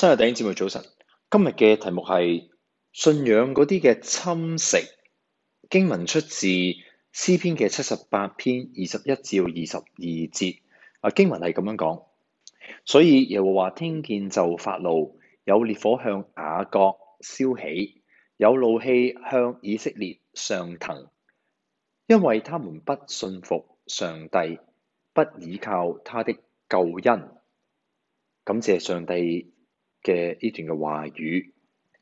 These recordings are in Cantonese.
真日大家午安，姊妹早晨。今日嘅題目係信仰嗰啲嘅侵蝕，經文，出自詩篇嘅七十八篇二十一至二十二節。啊，經文係咁樣講，所以耶和華聽見就發怒，有烈火向雅各燒起，有怒氣向以色列上騰，因為他們不信服上帝，不依靠他的救恩。感謝上帝。嘅呢段嘅話語，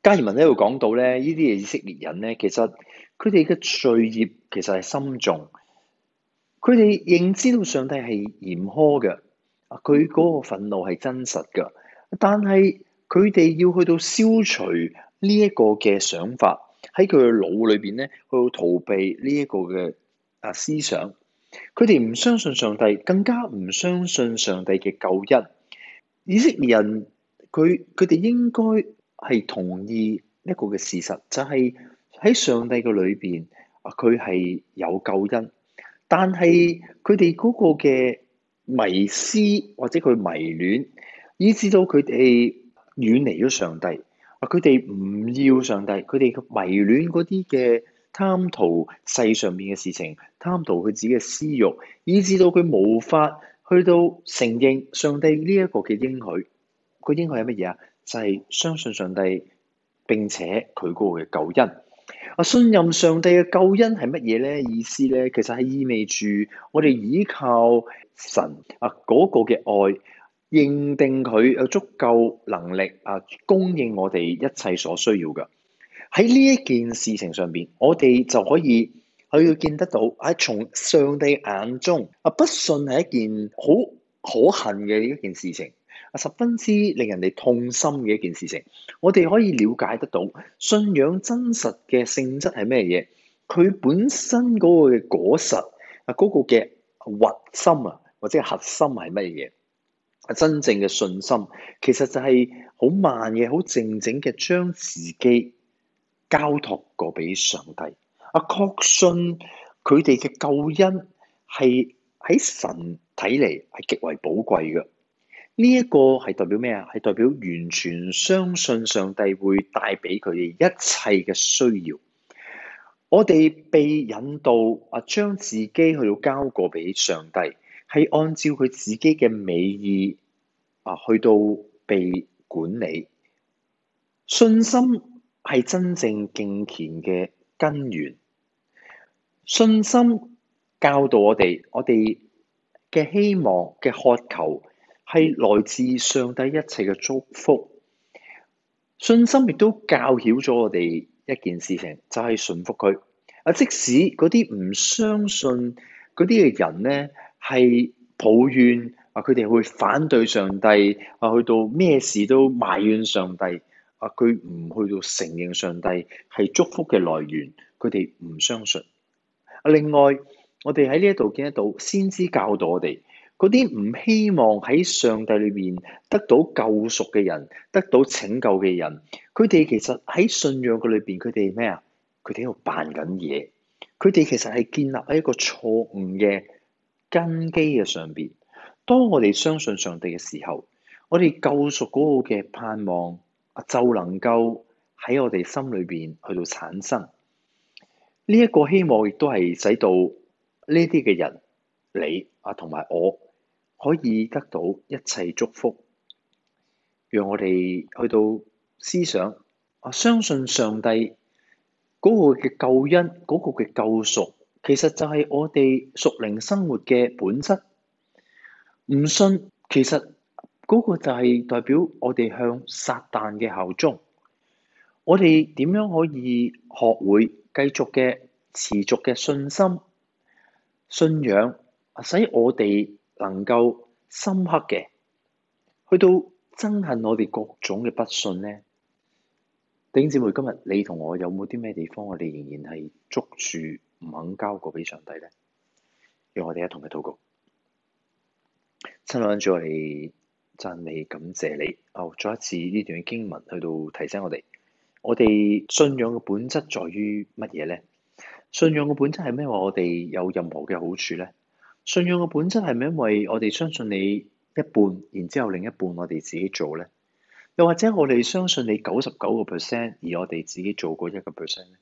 加爾文喺度講到咧，呢啲嘅以色列人咧，其實佢哋嘅罪孽其實係深重，佢哋認知到上帝係嚴苛嘅，佢嗰個憤怒係真實嘅。但係佢哋要去到消除呢一個嘅想法喺佢嘅腦裏邊咧，去到逃避呢一個嘅啊思想，佢哋唔相信上帝，更加唔相信上帝嘅救恩，以色列人。佢佢哋應該係同意一個嘅事實，就係、是、喺上帝嘅裏邊啊，佢係有救恩，但係佢哋嗰個嘅迷思，或者佢迷戀，以致到佢哋遠離咗上帝啊。佢哋唔要上帝，佢哋迷戀嗰啲嘅貪圖世上面嘅事情，貪圖佢自己嘅私欲，以致到佢無法去到承認上帝呢一個嘅應許。佢應該係乜嘢啊？就係、是、相信上帝，並且佢嗰個嘅救恩啊！信任上帝嘅救恩係乜嘢咧？意思咧，其實係意味住我哋依靠神啊嗰、那個嘅愛，認定佢有足夠能力，啊供應我哋一切所需要噶。喺呢一件事情上邊，我哋就可以我要見得到喺、啊、從上帝眼中啊，不信係一件好可恨嘅一件事情。啊，十分之令人哋痛心嘅一件事情。我哋可以了解得到，信仰真實嘅性質係咩嘢？佢本身嗰個嘅果實啊，嗰個嘅核心啊，或者核心係乜嘢？啊，真正嘅信心，其實就係好慢嘅，好靜靜嘅，將自己交託過俾上帝。啊，確信佢哋嘅救恩係喺神睇嚟係極為寶貴嘅。呢一個係代表咩啊？係代表完全相信上帝會帶俾佢哋一切嘅需要。我哋被引導啊，將自己去到交過俾上帝，係按照佢自己嘅美意啊，去到被管理。信心係真正敬虔嘅根源。信心教導我哋，我哋嘅希望嘅渴求。係來自上帝一切嘅祝福，信心亦都教曉咗我哋一件事情，就係、是、信服佢。啊，即使嗰啲唔相信嗰啲嘅人咧，係抱怨啊，佢哋會反對上帝啊，去到咩事都埋怨上帝啊，佢唔去到承認上帝係祝福嘅來源，佢哋唔相信。啊，另外我哋喺呢一度見得到先知教導我哋。嗰啲唔希望喺上帝裏邊得到救贖嘅人，得到拯救嘅人，佢哋其實喺信仰嘅裏邊，佢哋咩啊？佢哋喺度扮緊嘢，佢哋其實係建立喺一個錯誤嘅根基嘅上邊。當我哋相信上帝嘅時候，我哋救贖嗰個嘅盼望就能夠喺我哋心裏邊去到產生。呢一個希望亦都係使到呢啲嘅人你啊同埋我。可以得到一切祝福，讓我哋去到思想。我相信上帝嗰個嘅救恩，嗰個嘅救贖，其實就係我哋屬靈生活嘅本質。唔信，其實嗰個就係代表我哋向撒旦嘅效忠。我哋點樣可以學會繼續嘅持續嘅信心、信仰，使我哋？能夠深刻嘅，去到憎恨我哋各種嘅不信呢？弟兄姊妹，今日你同我有冇啲咩地方，我哋仍然係捉住唔肯交過俾上帝咧？讓我哋一同嘅禱告。親愛的主，我哋讚美感謝你。哦，再一次呢段嘅經文去到提醒我哋，我哋信仰嘅本質在於乜嘢咧？信仰嘅本質係咩話？我哋有任何嘅好處咧？信仰嘅本質係咪因為我哋相信你一半，然之後另一半我哋自己做咧？又或者我哋相信你九十九個 percent，而我哋自己做過一個 percent 咧？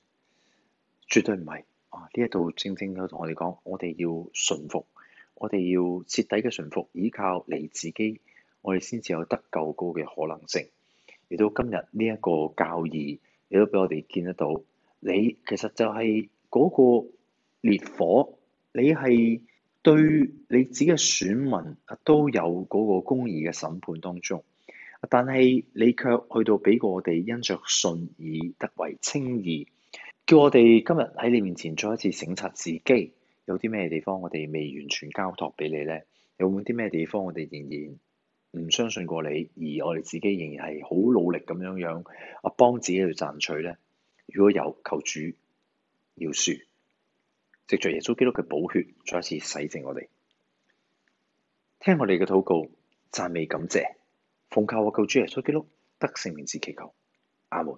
絕對唔係啊！呢一度正正有同我哋講，我哋要順服，我哋要徹底嘅順服，依靠你自己，我哋先至有得夠高嘅可能性。而到今日呢一個教義，亦都俾我哋見得到，你其實就係嗰個烈火，你係。對你自己嘅選民都有嗰個公義嘅審判當中，但係你卻去到俾我哋因着信而得為稱義，叫我哋今日喺你面前再一次省察自己，有啲咩地方我哋未完全交託俾你呢？有冇啲咩地方我哋仍然唔相信過你，而我哋自己仍然係好努力咁樣樣啊幫自己去賺取呢？如果有，求主饒恕。藉著耶穌基督嘅寶血，再一次洗淨我哋，聽我哋嘅禱告，讚美感謝，奉靠我救主耶穌基督得勝名字祈求，阿門。